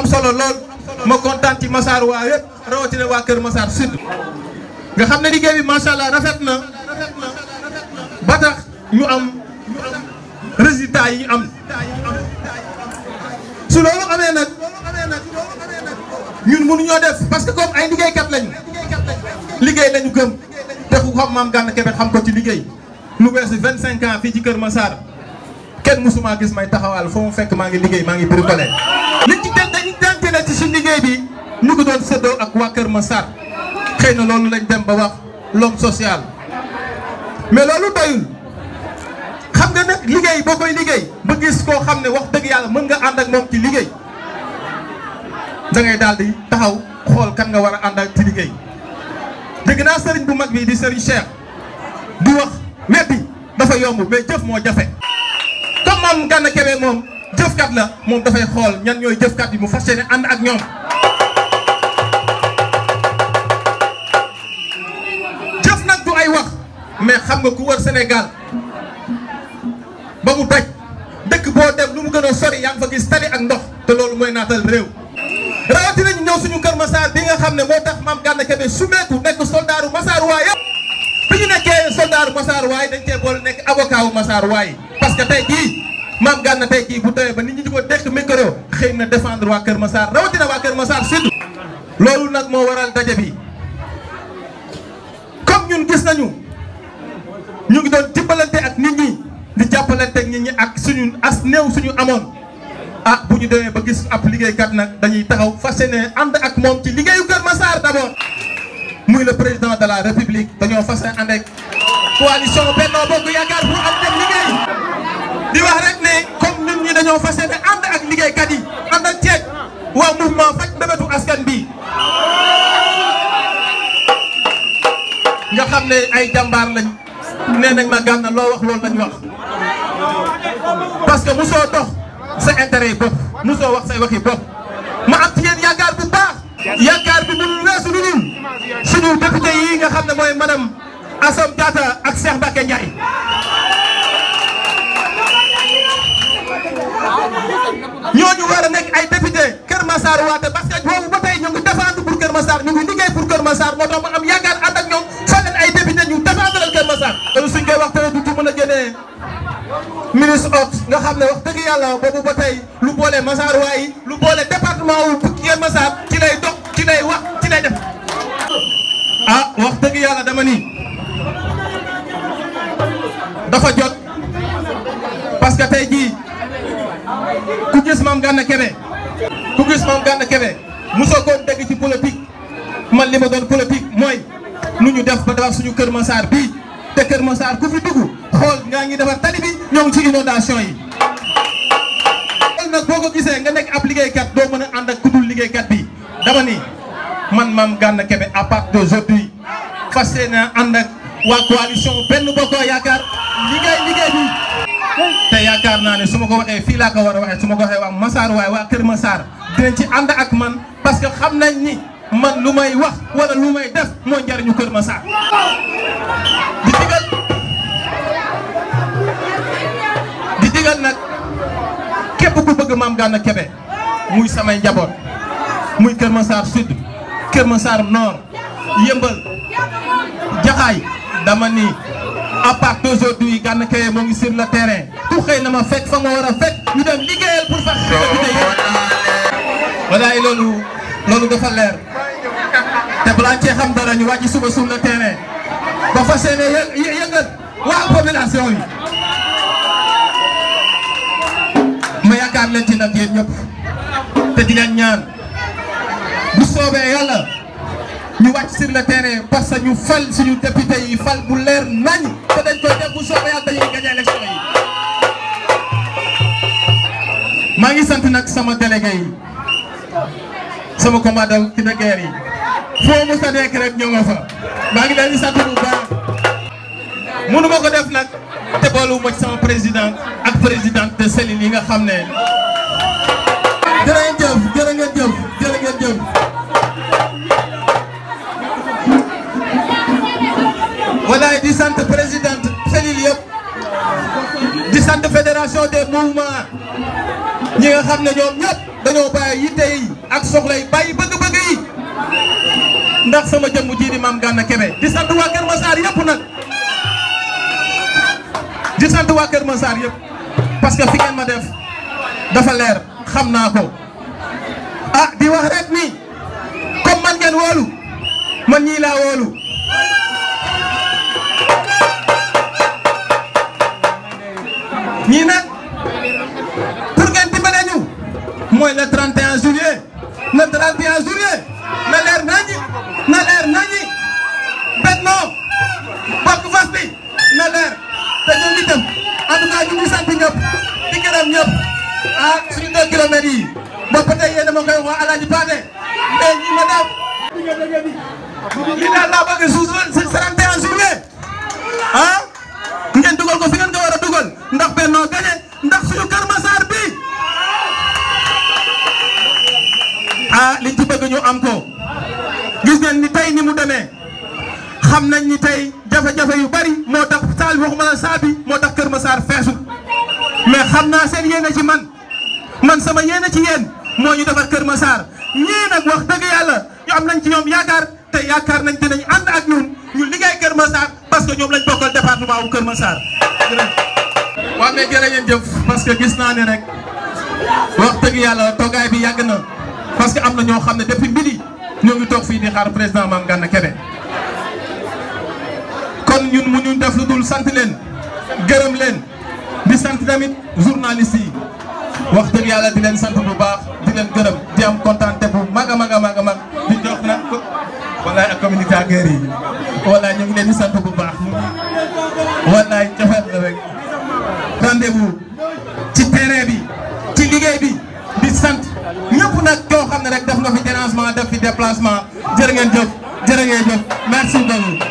am solo lool ma kontaan masar waa yëpp rawatina waa Kër Massar Sud. nga xam ne liggéey bi macha allah rafet na ba tax ñu am résultat yi ñu am su loolu amee na ñun mënuñoo def parce que comme ay liggéeykat lañu liggéey lañu gëm te ku xam maam Gana Kebe xam ko ci liggéey lu weesu 25 ans fii ci Kër Massar. kenn mësuma gis may taxawaal foo mu fekk maa ngi liggéey maa ngi bricolé liñ ci jël dañu dante na bi ñu ko doon séddoo ak waa Kër Massar xëy na loolu lañ dem ba wax social mais loolu doyul nga nag liggéey boo koy liggéey ba gis koo xam ne wax dëgg yàlla mën nga ànd ak moom ci liggéey da ngay taxaw xool kan nga war a ànd ak ci liggéey dégg naa sëriñ bu mag bi di sëriñ Cheikh di wax weddi dafa yomb mais jëf moo jafe xam Gana Kebe moom jëfkat la moom dafay xool ñan ñooy jëfkat yi mu fas yéene ànd ak ñoom. jëf nag du ay wax mais xam nga ku wër Sénégal ba mu daj dëkk boo dem lu mu gën a sori yaa ngi fa gis tari ak ndox te loolu mooy naatal réew. rawatina ñu ñëw suñu kër Massar bi nga xam ne moo tax maam Gana Kebe sumeeku nekk soldaaru Massar waay yëpp bi ñu nekkee soldaaru Massar waay dañ cee boole nekk avocat wu Massar waay tey jii. maam Gana tey jii bu tawee ba nit ñi di ko dekk micro xëy na défendre waa Kër Massar rawatina waa Kër Massar surtout loolu nag moo waral daje bi comme ñun gis nañu ñu ngi doon dimbalante ak nit ñi di jàppalante ak ñi ak suñu as néew suñu amoon ah bu ñu demee ba gis ab liggéeykat nag dañuy taxaw fas yéene ànd ak moom ci liggéeyu Kër Massar d'abord muy le président de la république dañoo fas yéene ànd ak coalition Benno Bokk Yaakaar pour am dem liggéey. di wax rek ne comme nit ñi dañoo fassé yéene ànd ak kat yi and ak ceeb wa mouvement fajj mbébétu askan bi nga xamné ay jambar lañ né nak ma gànna lo wax lool lañ wax parce que mosoo dox sa intérêt bop bopp wax say waxi bop ma am ci yaakar bu baax yaakar bi mënul weesu lu ñun suñu député yi nga xamné moy madame Assome ak Cheikh bakay ñay ministre Ox nga xam ne wax dëgg yàlla boobu ba tey lu boole Massar waaye lu boole département wu Kër Massar ci lay dox ci lay wax ci lay def. ah wax dëgg yàlla dama ni dafa jot parce que tey jii ku gis Mame Gana Kébé ku gis Mame Gana Kébé mosoo ko dégg ci politique man li ma doon politique mooy nu ñu def ba defar suñu Kër Massar bii te Kër Massar ku fi dugg. xool ñaa ngi defar tali bi ñoo ci inondation yi loolu nag boo ko gisee nga nekk ab liggéeykat doo mën a ànd ak ku dul liggéeykat bi dama ni man Mame Gana Kébé à partir d'aujourd'hui fas yéene ànd ak waa coalition benn Bokk Yaakaar liggéey liggéey bi te yaakaar naa ne su ma ko waxee fii laa ko war waxee su ma ko waxee waa Massar waaye waa Kër Massar dinañ ci ànd ak man parce que xam nañ ni man lu may wax wala lu may def moo njariñu Kër Massar ñaanal nag képp ku bëgg Mame Gana Kébé muy samay njaboot muy Kër Massar Sud Kër Massar Nord yëmbal jaxaay dama ni à partir d'aujourd'hui Gana moo ngi sur le terrain ku xëy na ma fekk fa nga a fekk ñu loolu loolu dafa leer te balaa cee xam dara ñu wàcc suba sur le terrain ba fas yéene yëngal waa population yi yaakaar leen ci nag yéen ñëpp te di ñaan bu soobee yàlla ñu wàcc sur le terrain parce que ñu fal suñu député yi fal bu leer nañ te dañ koy def bu soobee yàlla dañuy gagné élection yi. maa ngi sant nag sama délégué yi sama commandant de guerre yi foo mu sa nekk rek ñëw nga fa maa ngi leen di sant bu baax mënu ma ko def nag. te boolu ma sama président ak présidente de Céline yi nga xam ne. jërë ngeen jëf jërë ngeen jëf jërë ngeen di sant président Céline yëpp. di sant fédération des mouvements ñi nga xam ne ñoom ñëpp dañoo bàyyi yitte yi ak soxla yi bàyyi bëgg-bëgg yi. ndax sama jëmm ji di maam Gana Kébé di sant waa Kër Massar yëpp nag. ngi sant waa Kër Massar yëpp parce que fi ngeen ma def dafa leer xam naa ko ah di wax rek ni comme man ngeen woolu man ñii woolu ñii nag pour ngeen dimbalee ñu mooy le 31 ah suñu deux kilomètres yi ba ba tey yéen dama koy wax Alaaji Paate mais ñi ma daal. li daal laa bëgg suuf si 31 juillet ah ngeen dugal ko fi ngeen ko war a dugal ndax Benno gañe ndax suñu Kër Massar bi ah liñ ci bëgg ñu am ko gis ngeen ni tey ni mu demee xam nañ ni tey jafe-jafe yu bari moo tax saal waxuma la saa bi moo tax Kër Massar feesu mais xam naa seen yéene ci man. sama yéene ci yéen moo ñu defar Kër Massar ñii nag wax dëgg yàlla ñu am nañ ci ñoom yaakaar te yaakaar nañ dinañ ànd ak ñun ñu liggéey Kër Massar parce que ñoom lañ bokkal département wu Kër Massar. jërëjëf waaw mais jërëjëf parce que gis naa ne rek wax dëgg yàlla toggaay bi yàgg na parce que am na ñoo xam ne depuis midi ñoo ngi toog fii di xaar président Mame Gana Kébé kon ñun mu ñu def lu dul sant leen gërëm leen bi sant tamit journaliste yi. wax dëgg yàlla di leen sant bu baax di leen gërëm di am kontaan te bu mag a mag a mag a mag di jox nag ko walaay ak communicateurs yi walaay ñu ngi leen di sant bu baax ñu ngi walaay cofeel la rek rendez-vous ci terrain bi ci liggéey bi di sant ñëpp nag koo xam ne rek def nga fi dérangement def fi déplacement jërë ngeen jëf jërë ngeen jëf merci beaucoup